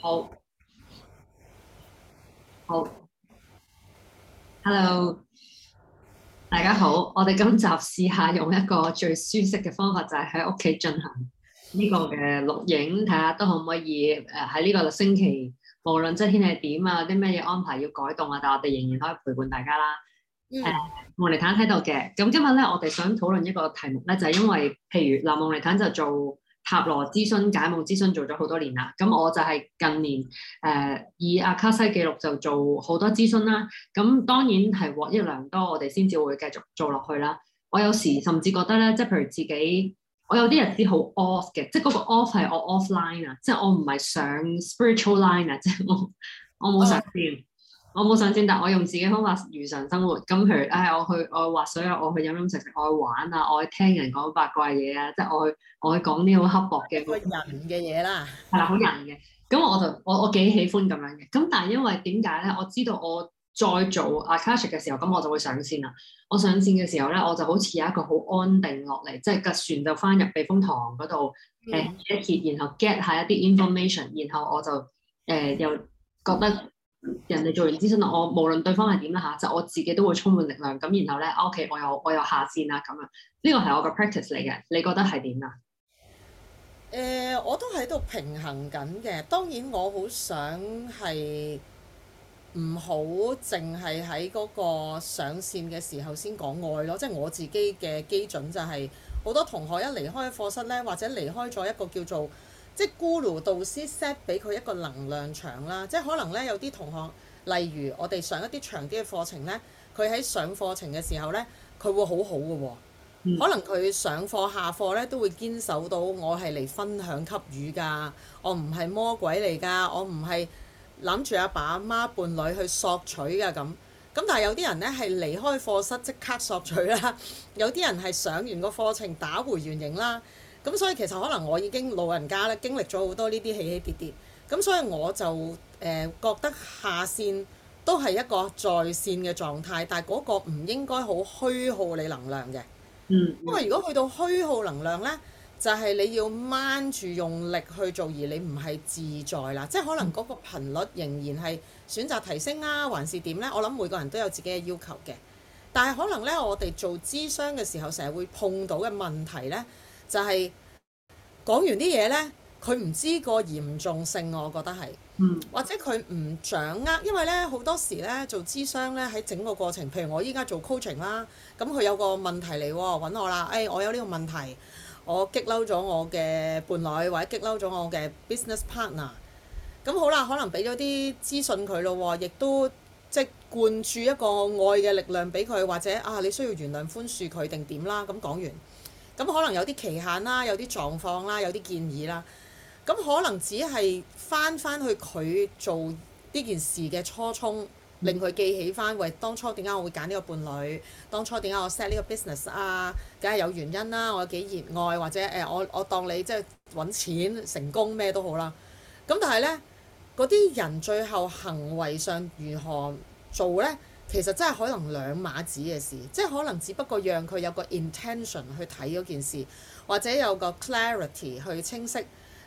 好，好，Hello，大家好。我哋今集試下用一個最舒適嘅方法，就係喺屋企進行呢、這個嘅錄、呃、影，睇下都可唔可以誒喺呢個星期，無論即係天氣點啊，啲咩嘢安排要改動啊，但係我哋仍然可以陪伴大家啦。誒、呃，夢妮妲喺度嘅。咁今日咧，我哋想討論一個題目咧，就係、是、因為譬如，嗱、呃、夢妮妲就做。塔羅諮詢、解夢諮詢做咗好多年啦，咁我就係近年誒、呃、以阿卡西記錄就做好多諮詢啦。咁當然係獲益良多，我哋先至會繼續做落去啦。我有時甚至覺得咧，即係譬如自己，我有啲日子好 off 嘅，即係嗰個 off 係我 offline 啊，即係我唔係上 spiritual line 啊，即係我我冇上線。我冇上線，但我用自己方法如常生活。咁譬如，唉，我去我畫水啊，我去飲飲食食，我去玩啊，我去聽人講八卦嘢啊，即係我去我去講啲好刻薄嘅人嘅嘢啦。係啦，好人嘅。咁我就我我幾喜歡咁樣嘅。咁但係因為點解咧？我知道我再做阿卡 a 嘅時候，咁我就會上線啦。我上線嘅時候咧，我就好似有一個好安定落嚟，即係嘅船就翻入避風塘嗰度，誒 h、嗯嗯啊、然後 get 下一啲 information，然後我就誒、呃、又覺得。人哋做完諮詢啦，我無論對方係點啦吓，就我自己都會充滿力量。咁然後咧，OK，我又我又下線啦咁樣。呢個係我嘅 practice 嚟嘅。你覺得係點啊？誒、呃，我都喺度平衡緊嘅。當然我好想係唔好淨係喺嗰個上線嘅時候先講愛咯。即係我自己嘅基準就係，好多同學一離開課室咧，或者離開咗一個叫做。即係 Guru 導師 set 俾佢一個能量場啦，即係可能呢，有啲同學，例如我哋上一啲長啲嘅課程呢，佢喺上課程嘅時候呢，佢會好好嘅喎。可能佢上課下課呢，都會堅守到我係嚟分享給予㗎，我唔係魔鬼嚟㗎，我唔係諗住阿爸阿媽伴侶去索取㗎咁。咁但係有啲人呢，係離開課室即刻索取啦，有啲人係上完個課程打回原形啦。咁所以其實可能我已經老人家咧，經歷咗好多呢啲起起跌跌。咁所以我就誒、呃、覺得下線都係一個在線嘅狀態，但係嗰個唔應該好虛耗你能量嘅。嗯，因為如果去到虛耗能量呢，就係、是、你要掹住用力去做，而你唔係自在啦。即係可能嗰個頻率仍然係選擇提升啊，還是點呢？我諗每個人都有自己嘅要求嘅，但係可能呢，我哋做諮商嘅時候，成日會碰到嘅問題呢。就係、是、講完啲嘢呢，佢唔知個嚴重性，我覺得係，或者佢唔掌握，因為呢好多時呢做諮商呢，喺整個過程，譬如我依家做 coaching 啦，咁佢有個問題嚟揾、哦、我啦，誒、哎、我有呢個問題，我激嬲咗我嘅伴侶或者激嬲咗我嘅 business partner，咁好啦，可能俾咗啲資訊佢咯、哦，亦都即灌、就是、注一個愛嘅力量俾佢，或者啊你需要原諒寬恕佢定點啦，咁講完。咁可能有啲期限啦，有啲狀況啦，有啲建議啦。咁可能只係翻翻去佢做呢件事嘅初衷，令佢記起翻喂，當初點解我會揀呢個伴侶？當初點解我 set 呢個 business 啊？梗係有原因啦、啊。我有幾熱愛或者誒、呃，我我當你即係揾錢成功咩都好啦。咁但係呢，嗰啲人最後行為上如何做呢？其實真係可能兩碼子嘅事，即係可能只不過讓佢有個 intention 去睇嗰件事，或者有個 clarity 去清晰。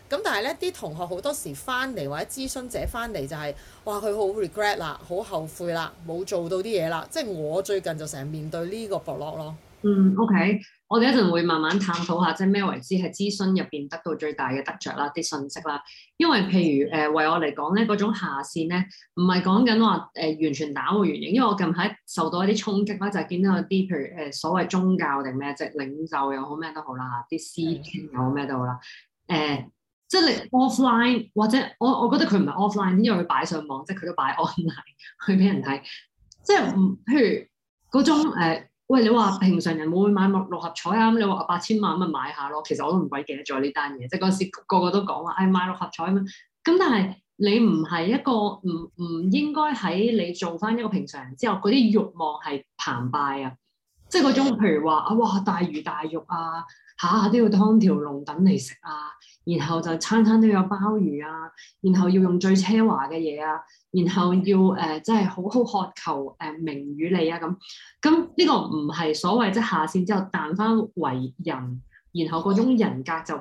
咁但係呢啲同學好多時翻嚟或者諮詢者翻嚟就係，哇！佢好 regret 啦，好後悔啦，冇做到啲嘢啦。即係我最近就成日面對呢個 blog 咯。嗯，OK。我哋一陣會，會慢慢探討下，即係咩為之係諮詢入邊得到最大嘅得着啦，啲信息啦。因為譬如誒、呃，為我嚟講咧，嗰種下線咧，唔係講緊話誒完全打回原形，因為我近排受到一啲衝擊咧，就係、是、見到有啲譬如誒、呃、所謂宗教定咩即係領袖又好咩都好啦，啲師兄又好咩都好啦。誒，即係你 offline 或者我我覺得佢唔係 offline，因為佢擺上網，即係佢都擺 online 去俾人睇。即係譬如嗰種、呃喂，你話平常人會唔會買六六合彩啊？咁你話八千萬咁咪買下咯。其實我都唔鬼記得咗呢單嘢，即係嗰陣時個個個都講話，哎買六合彩啊！咁但係你唔係一個唔唔應該喺你做翻一個平常人之後，嗰啲欲望係澎湃啊！即係嗰種譬如話啊，哇大魚大肉啊，下下都要劏條龍等嚟食啊！然後就餐餐都有鮑魚啊，然後要用最奢華嘅嘢啊，然後要誒、呃、真係好好渴求誒、呃、名與利啊咁，咁呢、這個唔係所謂即係下線之後彈翻為人，然後嗰種人格就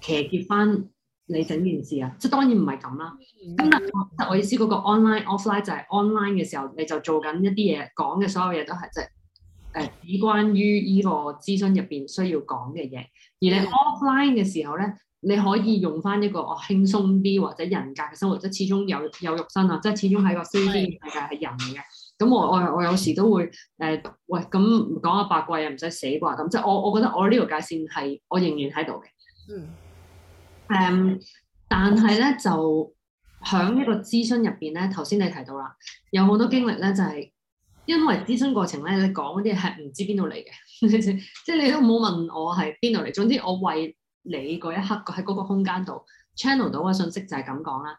騎劫翻你整件事啊，即係當然唔係咁啦。咁但我意思嗰個 online offline 就係 online 嘅時候你就做緊一啲嘢講嘅所有嘢都係即係誒只關於呢個諮詢入邊需要講嘅嘢，而你 offline 嘅時候咧。你可以用翻一個哦輕鬆啲或者人格嘅生活，即係始終有有肉身啊，即係始終喺個三維世界係人嚟嘅。咁我我我有時都會誒、呃、喂，咁唔講下八卦又唔使死啩咁。即係我我覺得我呢條界線係我仍然喺度嘅。嗯。誒、um,，但係咧就喺呢個諮詢入邊咧，頭先你提到啦，有好多經歷咧，就係、是、因為諮詢過程咧，你講嗰啲係唔知邊度嚟嘅， 即係你都唔好問我係邊度嚟。總之我為你嗰一刻喺嗰個空間度 channel 到嘅信息就係咁講啦。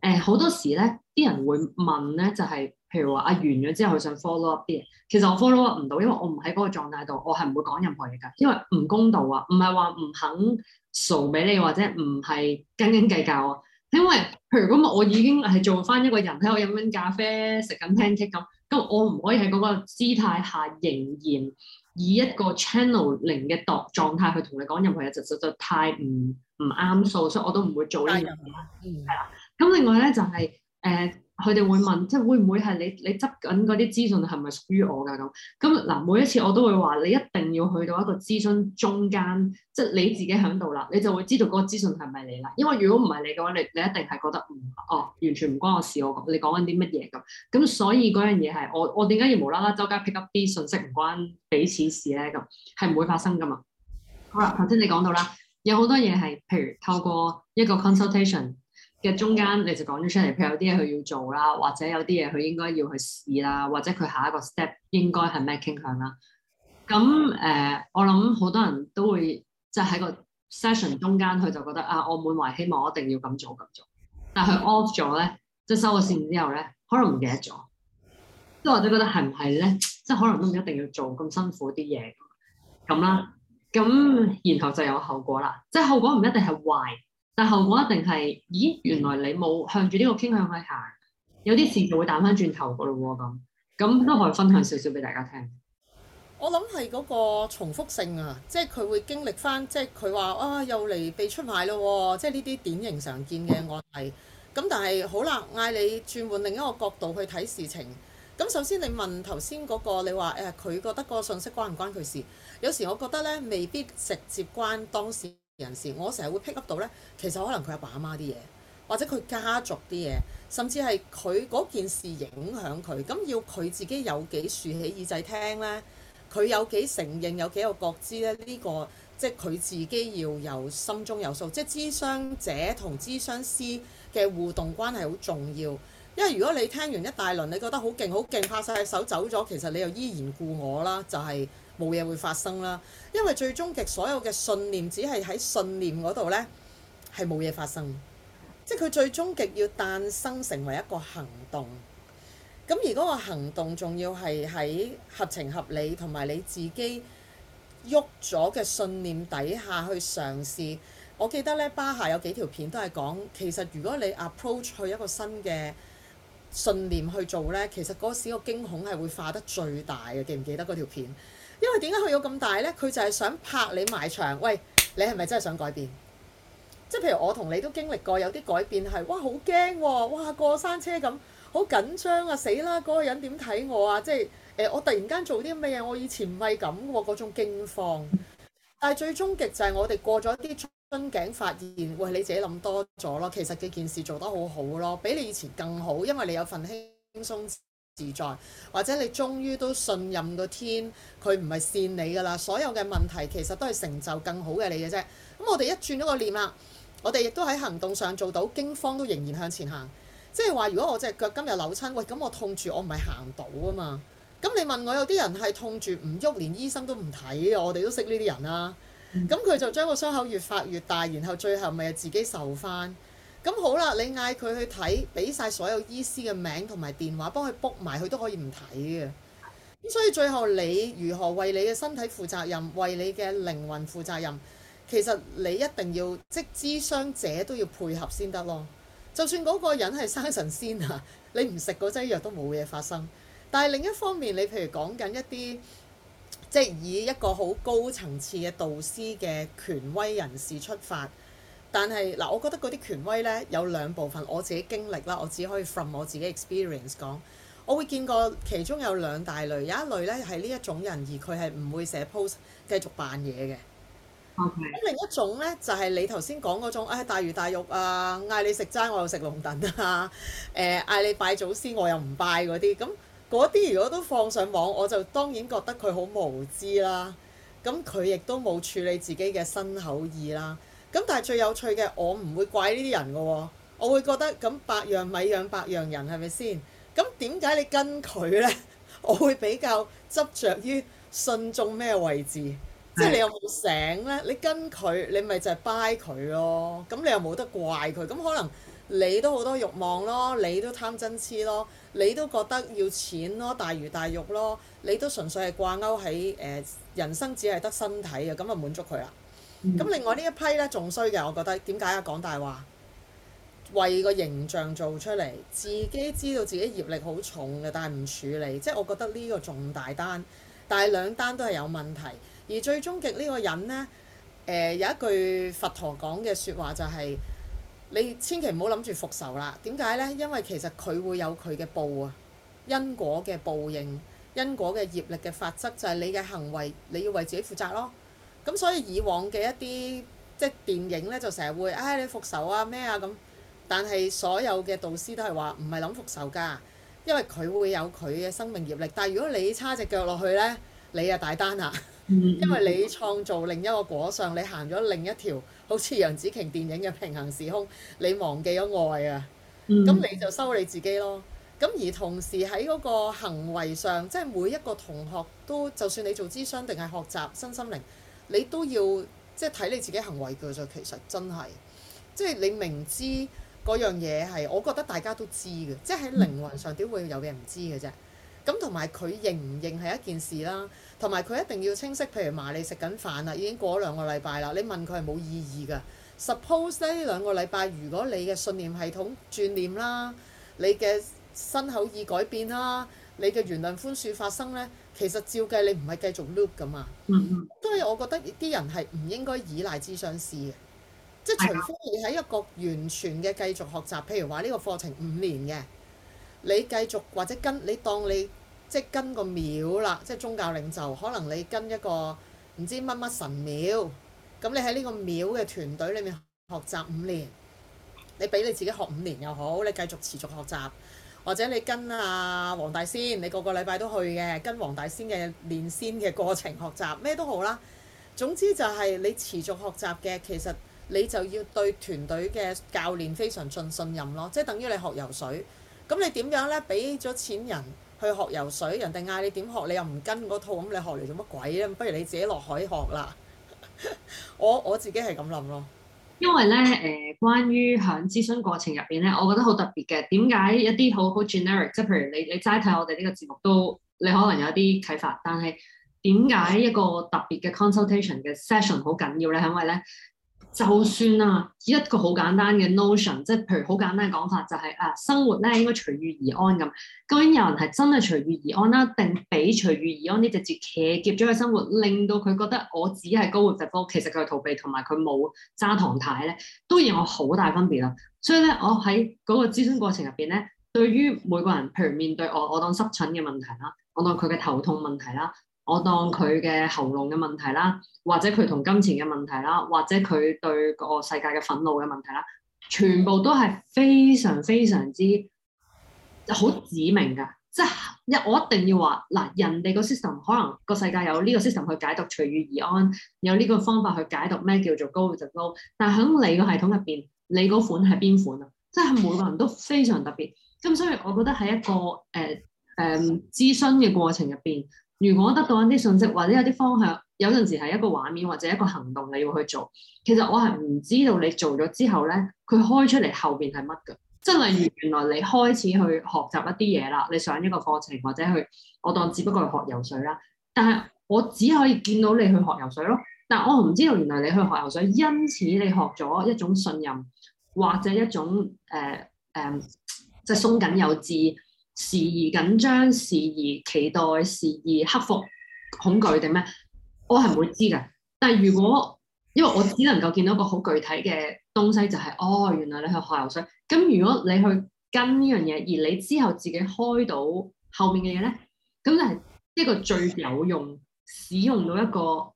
誒、呃，好多時咧，啲人會問咧，就係、是、譬如話阿完咗之後，佢想 follow up 啲嘢。其實我 follow up 唔到，因為我唔喺嗰個狀態度，我係唔會講任何嘢噶，因為唔公道啊，唔係話唔肯 show 俾你或者唔係斤斤計較啊。因為譬如咁，我已經係做翻一個人喺度飲緊咖啡、食緊 pancake 咁，咁我唔可以喺嗰個姿態下仍然以一個 channel 零嘅度狀態去同你講任何嘢，就實在太唔唔啱數，所以我都唔會做呢樣嘢。係啦、哎呦，咁、嗯、另外咧就係、是、誒。呃佢哋會問，即係會唔會係你你執緊嗰啲資訊係咪屬於我㗎咁？咁嗱每一次我都會話你一定要去到一個諮詢中間，即係你自己喺度啦，你就會知道嗰個資訊係咪你啦。因為如果唔係你嘅話，你你一定係覺得唔哦完全唔關我事，我講你講緊啲乜嘢咁。咁所以嗰樣嘢係我我點解要無啦啦周街 pick up 啲信息唔關彼此事咧？咁係唔會發生㗎嘛。好啦，頭先你講到啦，有好多嘢係譬如透過一個 consultation。嘅中間你就講咗出嚟，譬如有啲嘢佢要做啦，或者有啲嘢佢應該要去試啦，或者佢下一個 step 應該係咩傾向啦。咁誒、呃，我諗好多人都會即係喺個 session 中間，佢就覺得啊，我滿懷希望，我一定要咁做咁做。但 off 咗咧，即係收咗線之後咧，可能唔記得咗。即係或者覺得係唔係咧？即係可能都唔一定要做咁辛苦啲嘢咁啦。咁然後就有後果啦。即係後果唔一定係壞。但後果一定係，咦？原來你冇向住呢個傾向去行，有啲事就會彈翻轉頭㗎咯喎咁，咁都可以分享少少俾大家聽。我諗係嗰個重複性啊，即係佢會經歷翻，即係佢話啊，又嚟被出賣咯喎，即係呢啲典型常見嘅案例。咁但係好啦，嗌你轉換另一個角度去睇事情。咁首先你問頭先嗰個，你話誒佢覺得嗰個信息關唔關佢事？有時我覺得咧，未必直接關當時人士，我成日會 pick up 到呢，其實可能佢阿爸阿媽啲嘢，或者佢家族啲嘢，甚至係佢嗰件事影響佢，咁要佢自己有幾豎起耳仔聽呢？佢有幾承認，有幾個覺知呢？呢、呢個即係佢自己要由心中有數，即係諮商者同諮商師嘅互動關係好重要，因為如果你聽完一大輪，你覺得好勁好勁，拍晒手走咗，其實你又依然故我啦，就係、是。冇嘢會發生啦，因為最終極所有嘅信念只係喺信念嗰度呢，係冇嘢發生。即係佢最終極要誕生成為一個行動。咁而嗰個行動仲要係喺合情合理同埋你自己喐咗嘅信念底下去嘗試，我記得呢巴夏有幾條片都係講，其實如果你 approach 去一個新嘅信念去做呢，其實嗰時個驚恐係會化得最大嘅。記唔記得嗰條片？因為點解佢有咁大呢？佢就係想拍你埋牆，喂，你係咪真係想改變？即係譬如我同你都經歷過有啲改變，係哇好驚喎，哇過山車咁，好緊張啊，死啦！嗰個人點睇我啊？即係誒我突然間做啲咩嘢？我以前唔係咁喎，嗰種驚慌。但係最終極就係我哋過咗啲樽頸，發現喂，你自己諗多咗咯，其實呢件事做得好好咯，比你以前更好，因為你有份輕鬆。自在，或者你終於都信任個天，佢唔係善你噶啦。所有嘅問題其實都係成就更好嘅你嘅啫。咁我哋一轉咗個念啦，我哋亦都喺行動上做到驚慌都仍然向前行。即係話，如果我隻腳今日扭親，喂，咁我痛住，我唔係行到啊嘛。咁你問我有啲人係痛住唔喐，連醫生都唔睇，我哋都識呢啲人啦、啊。咁佢就將個傷口越發越大，然後最後咪自己受翻。咁好啦，你嗌佢去睇，俾晒所有醫師嘅名同埋電話，幫佢 book 埋，佢都可以唔睇嘅。所以最後你如何為你嘅身體負責任，為你嘅靈魂負責任，其實你一定要即知傷者都要配合先得咯。就算嗰個人係生神仙啊，你唔食嗰劑藥都冇嘢發生。但係另一方面，你譬如講緊一啲即係以一個好高層次嘅導師嘅權威人士出發。但係嗱，我覺得嗰啲權威呢，有兩部分，我自己經歷啦，我只可以 from 我自己 experience 講，我會見過其中有兩大類，有一類呢係呢一種人，而佢係唔會寫 post 繼續扮嘢嘅。咁 Okay. 另一種呢，就係、是、你頭先講嗰種，唉、哎、大魚大肉啊，嗌你食齋我又食龍躉啊，誒嗌你拜祖先我又唔拜嗰啲，咁嗰啲如果都放上網，我就當然覺得佢好無知啦。咁佢亦都冇處理自己嘅身口意啦。咁但係最有趣嘅，我唔會怪呢啲人嘅喎、哦，我會覺得咁百樣米養百樣人係咪先？咁點解你跟佢呢？我會比較執着於信眾咩位置，即、就、係、是、你有冇醒呢？你跟佢，你咪就係掰佢咯。咁你又冇得怪佢。咁可能你都好多欲望咯，你都貪嗔痴咯，你都覺得要錢咯，大魚大肉咯，你都純粹係掛鈎喺誒人生只係得身體嘅，咁啊滿足佢啦。咁、嗯、另外呢一批呢仲衰嘅，我覺得，點解啊？講大話為個形象做出嚟，自己知道自己業力好重嘅，但係唔處理，即、就、係、是、我覺得呢個重大單，但係兩單都係有問題。而最終極呢個人呢、呃，有一句佛陀講嘅説話就係、是：你千祈唔好諗住復仇啦。點解呢？因為其實佢會有佢嘅報啊，因果嘅報應，因果嘅業力嘅法則就係、是、你嘅行為，你要為自己負責咯。咁所以以往嘅一啲即係電影呢，就成日會唉、哎、你復仇啊咩啊咁。但係所有嘅導師都係話唔係諗復仇噶因為佢會有佢嘅生命業力。但係如果你插隻腳落去呢，你啊大單啊，因為你創造另一個果相，你行咗另一條好似楊紫瓊電影嘅平行時空，你忘記咗愛啊，咁你就收你自己咯。咁而同時喺嗰個行為上，即係每一個同學都，就算你做諮詢定係學習身心靈。你都要即係睇你自己行為嘅啫，其實真係，即係你明知嗰樣嘢係，我覺得大家都知嘅，即係喺靈魂上點會有嘢唔知嘅啫。咁同埋佢認唔認係一件事啦，同埋佢一定要清晰。譬如罵你食緊飯啦，已經過咗兩個禮拜啦，你問佢係冇意義嘅。Suppose 呢兩個禮拜，如果你嘅信念系統轉念啦，你嘅身口意改變啦。你嘅原諒寬恕發生呢，其實照計你唔係繼續 loop 㗎嘛，所以、mm hmm. 我覺得啲人係唔應該依賴諮詢師嘅，mm hmm. 即係除非你喺一個完全嘅繼續學習，譬、mm hmm. 如話呢個課程五年嘅，你繼續或者跟你當你即係跟個廟啦，即係宗教領袖，可能你跟一個唔知乜乜神廟，咁你喺呢個廟嘅團隊裏面學習五年，你俾你自己學五年又好，你繼續持續學習。或者你跟阿黃大仙，你個個禮拜都去嘅，跟黃大仙嘅練仙嘅過程學習咩都好啦。總之就係你持續學習嘅，其實你就要對團隊嘅教練非常盡信任咯，即係等於你學游水。咁你點樣呢？俾咗錢人去學游水，人哋嗌你點學，你又唔跟嗰套，咁你學嚟做乜鬼咧？不如你自己落海學啦。 我我自己係咁諗咯。因為咧，誒、呃，關於喺諮詢過程入邊咧，我覺得好特別嘅。點解一啲好好 generic，即係譬如你你齋睇我哋呢個節目都，你可能有啲啟發。但係點解一個特別嘅 consultation 嘅 session 好緊要咧？係因為咧。就算啦，一個好簡單嘅 notion，即係譬如好簡單嘅講法，就係、是、誒、啊、生活咧應該隨遇而安咁。究竟有人係真係隨遇而安啦、啊，定俾隨遇而安呢隻字騎劫咗嘅生活，令到佢覺得我只係高活疾科，其實佢逃避同埋佢冇揸糖太咧，都然我好大分別啦。所以咧，我喺嗰個諮詢過程入邊咧，對於每個人，譬如面對我，我當濕疹嘅問題啦，我當佢嘅頭痛問題啦。我當佢嘅喉嚨嘅問題啦，或者佢同金錢嘅問題啦，或者佢對個世界嘅憤怒嘅問題啦，全部都係非常非常之好指明㗎，即係一我一定要話嗱，人哋個 system 可能個世界有呢個 system 去解讀隨遇而安，有呢個方法去解讀咩叫做高就高，但係喺你個系統入邊，你個款係邊款啊？即係每個人都非常特別，咁所以我覺得喺一個誒誒、呃呃、諮詢嘅過程入邊。如果得到一啲信息，或者有啲方向，有陣時係一個畫面或者一個行動你要去做，其實我係唔知道你做咗之後咧，佢開出嚟後邊係乜㗎？即係原來你開始去學習一啲嘢啦，你上一個課程或者去，我當只不過係學游水啦。但係我只可以見到你去學游水咯，但我唔知道原來你去學游水，因此你學咗一種信任或者一種誒誒，即係鬆緊有致。時而緊張，時而期待，時而克服恐懼，定咩？我係唔會知㗎。但係如果因為我只能夠見到一個好具體嘅東西，就是，就係哦，原來你去學游水。咁如果你去跟呢樣嘢，而你之後自己開到後面嘅嘢咧，咁就係一個最有用使用到一個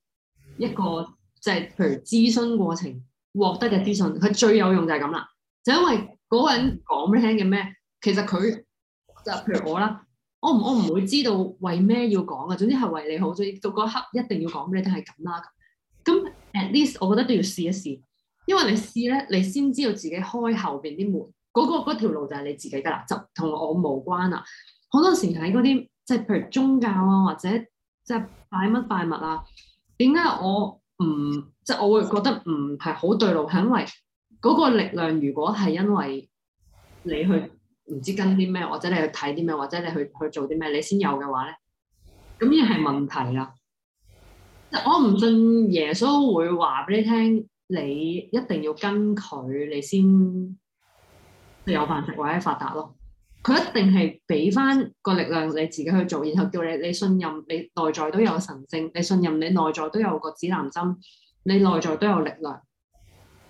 一個即係譬如諮詢過程獲得嘅資訊，佢最有用就係咁啦。就是，因為嗰個人講畀你聽嘅咩，其實佢。就譬如我啦，我唔我唔會知道為咩要講啊。總之係為你好，所以到嗰刻一定要講俾你，定係咁啦。咁 at least 我覺得都要試一試，因為你試咧，你先知道自己開後邊啲門。嗰、嗰個條路就係你自己噶啦，就同我冇關啊。好多時睇嗰啲即係譬如宗教啊，或者即係、就係、拜乜拜物啊，點解我唔即係我會覺得唔係好對路，係因為嗰個力量如果係因為你去。唔知跟啲咩，或者你去睇啲咩，或者你去去做啲咩，你先有嘅話咧，咁亦係問題啦。我唔信耶穌會話俾你聽，你一定要跟佢，你先有辦法或者發達咯。佢一定係俾翻個力量你自己去做，然後叫你你信任你內在都有神聖，你信任你內在都有個指南針，你內在都有力量。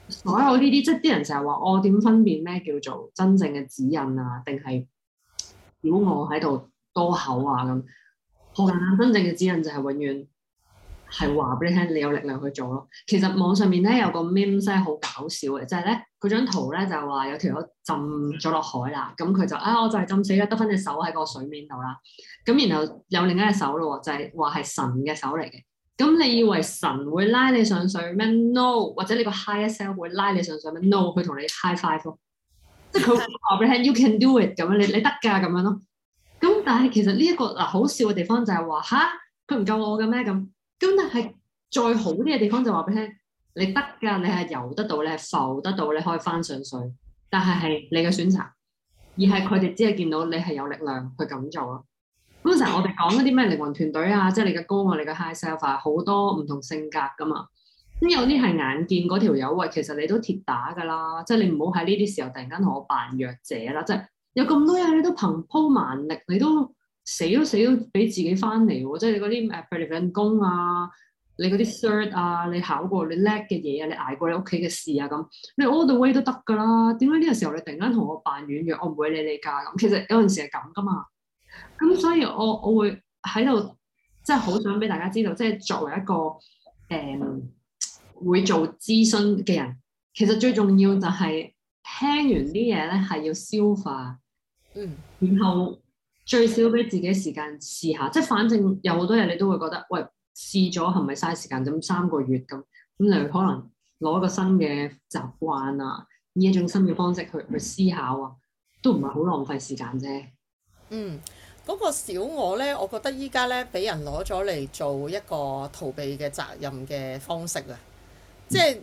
所有呢啲即係啲人成日話我點分辨咩叫做真正嘅指引啊，定係如果我喺度多口啊咁？好簡單，真正嘅指引就係永遠係話俾你聽，你有力量去做咯。其實網上面咧有個 meme 真係好搞笑嘅，就係咧佢張圖咧就係話有條友浸咗落海啦，咁佢就啊、哎、我就係浸死啦，得翻隻手喺個水面度啦，咁然後有另一隻手咯，就係話係神嘅手嚟嘅。咁、嗯、你以為神會拉你上水咩？No，或者你個 higher self 會拉你上水咩？No，佢同你 high five 咯，即係佢話俾你聽，you can do it 咁樣，你你得噶咁樣咯。咁、嗯、但係其實呢一個嗱好笑嘅地方就係話吓，佢唔夠我嘅咩咁？咁但係再好啲嘅地方就話俾你聽，你得噶，你係游得到你係浮得到你可以翻上水，但係係你嘅選擇，而係佢哋只係見到你係有力量去咁做咯。咁成日我哋講嗰啲咩靈魂團隊啊，即係你嘅高我、你嘅 high self 啊，好多唔同性格噶嘛。咁有啲係眼見嗰條友，喂，其實你都鐵打噶啦，即係你唔好喺呢啲時候突然間同我扮弱者啦。即係有咁多嘢，你都憑鋪萬力，你都死都死都俾自己翻嚟、啊。即係你嗰啲 effort 嘅功啊，你嗰啲 cert 啊，你考過你叻嘅嘢啊，你捱過你屋企嘅事啊咁，你 all the way 都得噶啦。點解呢個時候你突然間同我扮軟弱？我唔會理你㗎。咁其實有陣時係咁噶嘛。咁、嗯、所以我，我我會喺度即係好想俾大家知道，即係作為一個誒、嗯、會做諮詢嘅人，其實最重要就係聽完啲嘢咧，係要消化。嗯。然後最少俾自己時間試下，即係反正有好多嘢你都會覺得，喂，試咗係咪嘥時間？咁三個月咁，咁你可能攞一個新嘅習慣啊，以一種新嘅方式去、嗯、去思考啊，都唔係好浪費時間啫。嗯。嗰個小我呢，我覺得依家呢，俾人攞咗嚟做一個逃避嘅責任嘅方式啊！即係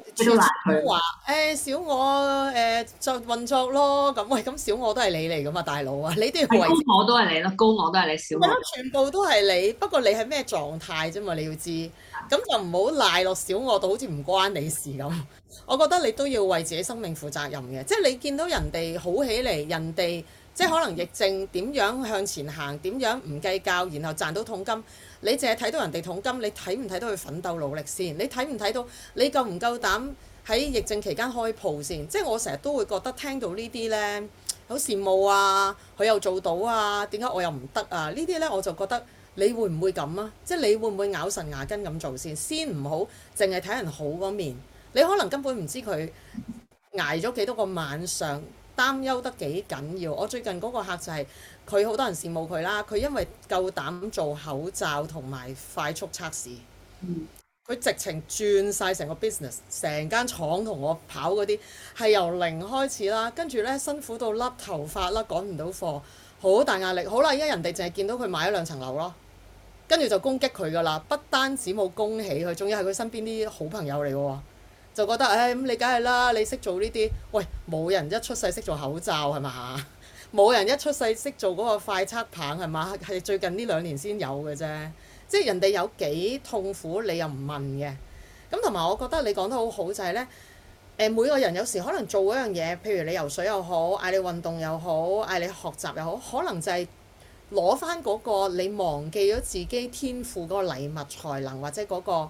話誒小我誒就運作咯，咁喂咁小我都係你嚟㗎嘛，大佬啊，你要小都要為小我都係你咯，高我都係你，小我全部都係你，不過你係咩狀態啫嘛，你要知。咁就唔好賴落小我度，好似唔關你事咁。 我覺得你都要為自己生命負責任嘅，即係你見到人哋好起嚟，人哋即係可能疫症點樣向前行，點樣唔計較，然後賺到桶金。你淨係睇到人哋桶金，你睇唔睇到佢奮鬥努力先？你睇唔睇到你夠唔夠膽喺疫症期間開鋪先？即係我成日都會覺得聽到呢啲呢，好羨慕啊！佢又做到啊，點解我又唔得啊？呢啲呢，我就覺得。你會唔會咁啊？即係你會唔會咬實牙根咁做先？先唔好淨係睇人好嗰面。你可能根本唔知佢捱咗幾多個晚上，擔憂得幾緊要。我最近嗰個客就係，佢好多人羨慕佢啦。佢因為夠膽做口罩同埋快速測試，佢直情轉晒成個 business，成間廠同我跑嗰啲係由零開始啦。跟住呢，辛苦到甩頭髮脫脫，甩趕唔到貨，好大壓力。好啦，依家人哋淨係見到佢買咗兩層樓咯。跟住就攻擊佢噶啦，不單止冇恭喜佢，仲要係佢身邊啲好朋友嚟喎，就覺得誒咁、哎、你梗係啦，你識做呢啲，喂，冇人一出世識做口罩係嘛？冇人一出世識做嗰個快測棒係嘛？係最近呢兩年先有嘅啫，即係人哋有幾痛苦，你又唔問嘅。咁同埋我覺得你講得好好就係、是、咧，誒每個人有時可能做嗰樣嘢，譬如你游水又好，嗌你運動又好，嗌你學習又好，可能就係、是。攞翻嗰個，你忘記咗自己天賦嗰個禮物才能，或者嗰個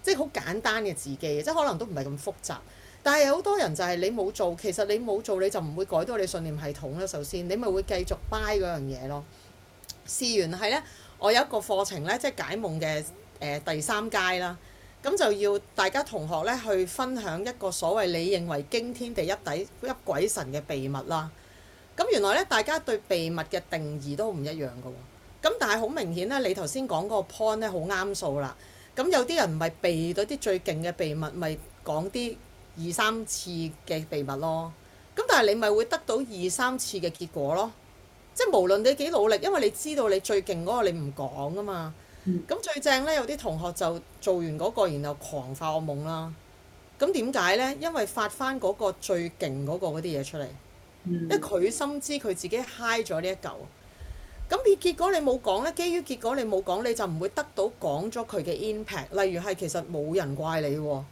即係好簡單嘅自己，即係可能都唔係咁複雜。但係好多人就係你冇做，其實你冇做你就唔會改到你信念系統啦。首先，你咪會繼續 buy 嗰樣嘢咯。試完係呢，我有一個課程呢，即係解夢嘅誒、呃、第三階啦。咁就要大家同學呢，去分享一個所謂你認為驚天地泣鬼神嘅秘密啦。咁原來咧，大家對秘密嘅定義都唔一樣㗎喎、哦。咁但係好明顯咧，你頭先講個 point 咧，好啱數啦。咁有啲人唔係避到啲最勁嘅秘密，咪講啲二三次嘅秘密咯。咁但係你咪會得到二三次嘅結果咯。即係無論你幾努力，因為你知道你最勁嗰個你唔講啊嘛。咁、嗯、最正咧，有啲同學就做完嗰、那個，然後狂發噩夢啦。咁點解咧？因為發翻嗰個最勁嗰個嗰啲嘢出嚟。因為佢深知佢自己嗨咗呢一嚿，咁結結果你冇講咧，基於結果你冇講，你就唔會得到講咗佢嘅 impact。例如係其實冇人怪你喎，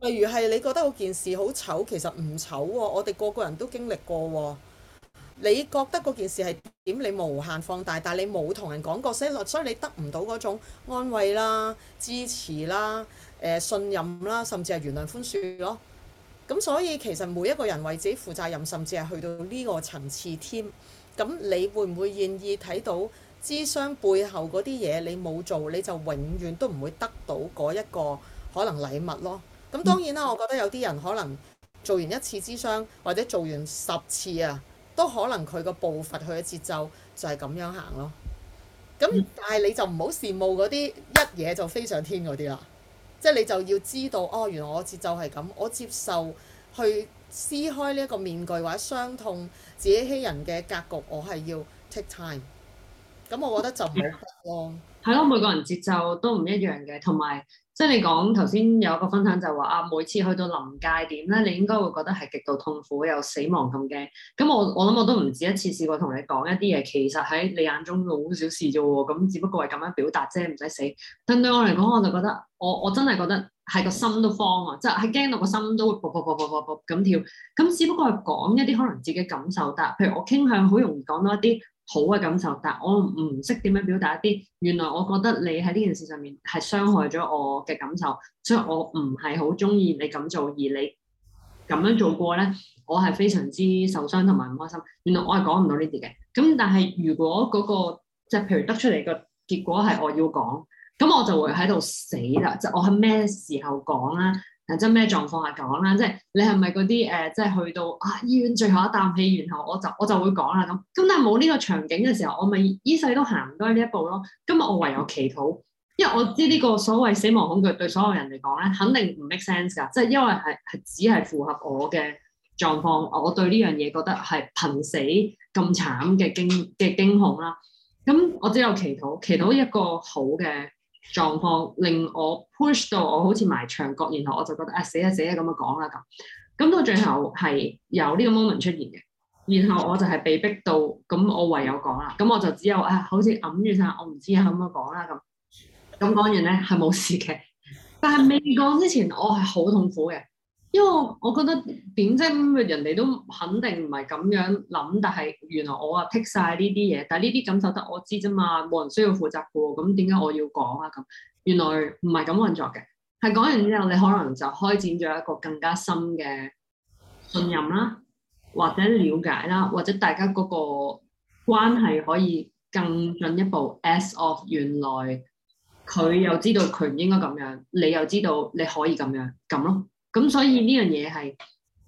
例如係你覺得嗰件事好醜，其實唔醜喎、哦。我哋個個人都經歷過喎、哦。你覺得嗰件事係點？你無限放大，但係你冇同人講過，所以所以你得唔到嗰種安慰啦、支持啦、誒、呃、信任啦，甚至係原諒寬恕咯。咁所以其實每一個人為自己負責任，甚至係去到呢個層次添。咁你會唔會願意睇到諮商背後嗰啲嘢？你冇做你就永遠都唔會得到嗰一個可能禮物咯。咁當然啦，我覺得有啲人可能做完一次諮商或者做完十次啊，都可能佢個步伐佢嘅節奏就係咁樣行咯。咁但係你就唔好羨慕嗰啲一嘢就飛上天嗰啲啦。即係你就要知道哦，原來我節奏係咁，我接受去撕開呢一個面具或者傷痛、自己欺人嘅格局，我係要 take time。咁、嗯、我覺得就唔好咯。係咯，每個人節奏都唔一樣嘅，同埋。即係你講頭先有一個分享就話啊，每次去到臨界點咧，你應該會覺得係極度痛苦又死亡咁驚。咁我我諗我都唔止一次試過同你講一啲嘢，其實喺你眼中好少事啫喎。咁只不過係咁樣表達啫，唔使死。但對我嚟講，我就覺得我我真係覺得係個心都慌啊，即係驚到個心都會噗噗噗噗噗噗咁跳。咁只不過係講一啲可能自己感受得，譬如我傾向好容易講到一啲好嘅感受，但我唔識點樣表達一啲原來我覺得你喺呢件事上面係傷害咗我嘅感受，所以我唔係好中意你咁做，而你咁樣做過咧，我係非常之受傷同埋唔開心。原來我係講唔到呢啲嘅，咁但係如果嗰、嗰個即係、即係、譬如得出嚟個結果係我要講，咁我就會喺度死啦，即係、我喺咩時候講啊？嗱，即係咩狀況啊講啦，即係你係咪嗰啲誒，即係去到啊醫院最後一啖氣，然後我就我就會講啦咁。咁但係冇呢個場景嘅時候，我咪一世都行唔到呢一步咯。今日我唯有祈禱，因為我知呢個所謂死亡恐懼對所有人嚟講咧，肯定唔 make sense 㗎。即係因為係係只係符合我嘅狀況，我對呢樣嘢覺得係瀕死咁慘嘅驚嘅驚恐啦。咁我只有祈禱，祈禱一個好嘅。狀況令我 push 到我好似埋牆角，然後我就覺得啊死啊死啊咁樣講啦咁，咁到最後係有呢個 moment 出現嘅，然後我就係被逼到，咁我唯有講啦，咁我就只有啊好似揞住晒，我唔知啊咁樣講啦咁，咁講完咧係冇事嘅，但係未講之前我係好痛苦嘅。因為我覺得點啫？人哋都肯定唔係咁樣諗，但係原來我啊剔晒呢啲嘢，但係呢啲感受得我知啫嘛，冇人需要負責嘅喎。咁點解我要講啊？咁原來唔係咁運作嘅，係講完之後，你可能就開展咗一個更加深嘅信任啦，或者了解啦，或者大家嗰個關係可以更進一步。As of 原來佢又知道佢唔應該咁樣，你又知道你可以咁樣，咁咯。咁、嗯、所以呢樣嘢係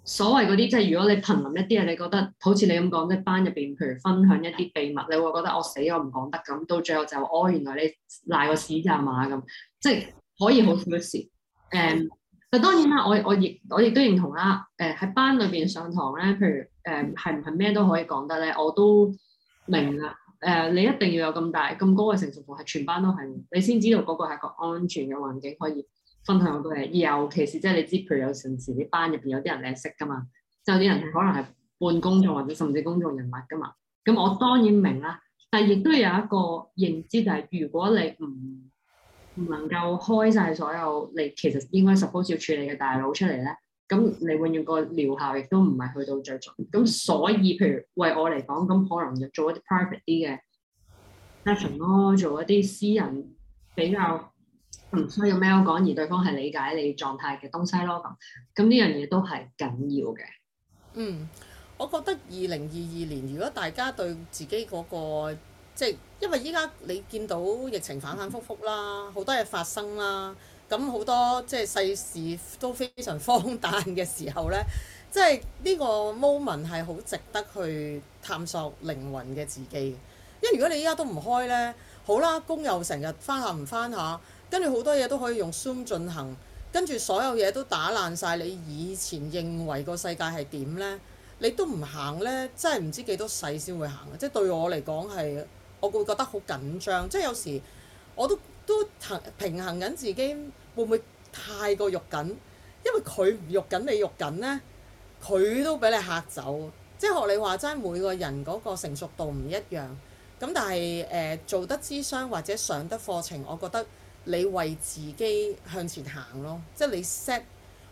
所謂嗰啲，即係如果你頻臨一啲嘢，你覺得好似你咁講，即係班入邊，譬如分享一啲秘密，你會覺得我死我唔講得咁，到最後就哦，原來你瀨個屎咋嘛咁，即係可以好 cruisy。誒，但當然啦，我我亦我亦都認同啦。誒、呃、喺班裏邊上堂咧，譬如誒係唔係咩都可以講得咧？我都明啦。誒、呃，你一定要有咁大咁高嘅成熟度，係全班都係，你先知道嗰個係個安全嘅環境可以。分享好多嘢，尤其是即係你知，譬如有陣時啲班入邊有啲人你識識噶嘛，即有啲人可能係半公眾或者甚至公眾人物噶嘛。咁我當然明啦，但係亦都有一個認知就係、是、如果你唔唔能夠開晒所有你其實應該 suppose 要處理嘅大腦出嚟咧，咁你運用個療效亦都唔係去到最盡。咁所以譬如為我嚟講，咁可能就做一啲 private 啲嘅 session 咯，做一啲私人比較。唔需要咩講，而對方係理解你狀態嘅東西咯。咁呢樣嘢都係緊要嘅。嗯，我覺得二零二二年，如果大家對自己嗰、那個即係，就是、因為依家你見到疫情反反覆覆啦，好多嘢發生啦，咁好多即係、就是、世事都非常荒誕嘅時候呢，即係呢個 moment 係好值得去探索靈魂嘅自己。因為如果你依家都唔開呢，好啦，工又成日翻下唔翻下。跟住好多嘢都可以用 Zoom 進行，跟住所有嘢都打爛晒。你以前認為個世界係點呢？你都唔行呢？真係唔知幾多世先會行。即係對我嚟講係，我會覺得好緊張。即係有時我都都平衡緊自己會唔會太過肉緊，因為佢唔肉緊，你肉緊呢，佢都俾你嚇走。即係學你話齋，每個人嗰個成熟度唔一樣。咁但係、呃、做得諮商或者上得課程，我覺得。你為自己向前行咯，即係你 set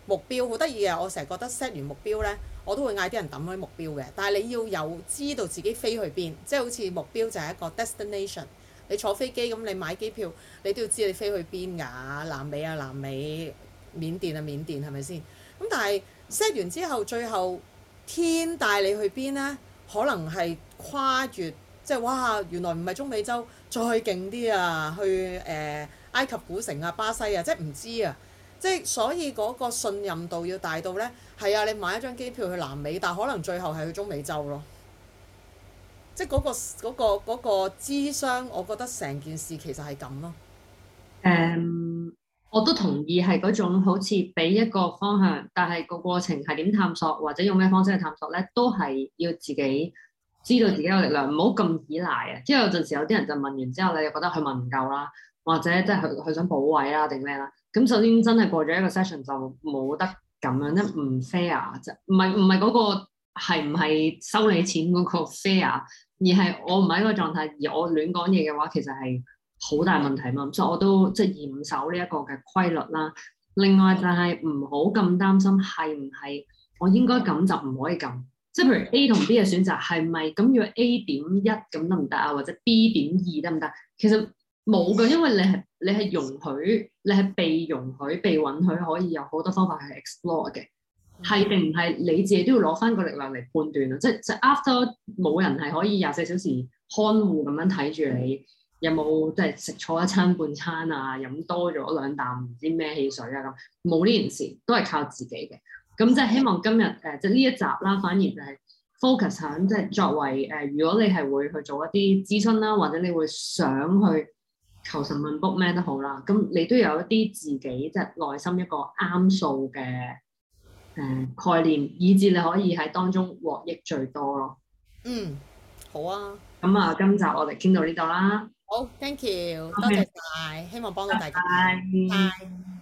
目標好得意嘅。我成日覺得 set 完目標呢，我都會嗌啲人抌開目標嘅。但係你要有知道自己飛去邊，即係好似目標就係一個 destination。你坐飛機咁，你買機票你都要知你飛去邊㗎、啊。南美啊，南美，緬甸啊，緬甸係咪先咁？但係 set 完之後，最後天帶你去邊呢？可能係跨越即係、就是、哇，原來唔係中美洲，再勁啲啊，去誒～、呃埃及古城啊，巴西啊，即係唔知啊，即係所以嗰個信任度要大到咧，係啊，你買一張機票去南美，但可能最後係去中美洲咯，即係嗰個嗰個嗰個諮商，我覺得成件事其實、啊，係咁咯。誒，我都同意係嗰種好似俾一個方向，但係個過程係點探索，或者用咩方式去探索咧，都係要自己知道自己嘅力量，唔好咁依賴啊！即係有陣時有啲人就問完之後，你又覺得佢問唔夠啦。或者即係佢佢想補位啦、啊，定咩啦？咁首先真係過咗一個 session 就冇得咁樣，即唔 fair，即唔係唔係嗰個係唔係收你錢嗰個 fair，而係我唔係一個狀態，而我亂講嘢嘅話，其實係好大問題嘛。所以我都即係嚴守呢一個嘅規律啦。另外就係唔好咁擔心係唔係我應該咁就唔可以咁，即、就、係、是、譬如 A 同 B 嘅選擇係咪咁要 A 點一咁得唔得啊？或者 B 點二得唔得？其實。冇㗎，因為你係你係容許，你係被容許、被允許可以有好多方法去 explore 嘅，係定唔係你自己都要攞返個力量嚟判斷啊？即係即係 after 冇人係可以廿四小時看護咁樣睇住你、嗯、有冇即係食錯一餐半餐啊，飲多咗兩啖唔知咩汽水啊咁，冇呢件事都係靠自己嘅。咁即係希望今日誒即係呢一集啦，反而就係 focus 下、嗯，即係作為誒、呃，如果你係會去做一啲諮詢啦，或者你會想去求神問卜咩都好啦，咁你都有一啲自己即係內心一個啱數嘅誒概念，以至你可以喺當中獲益最多咯。嗯，好啊。咁啊，今集我哋傾到呢度啦。好，Thank you，多謝晒，希望幫到大家。拜拜。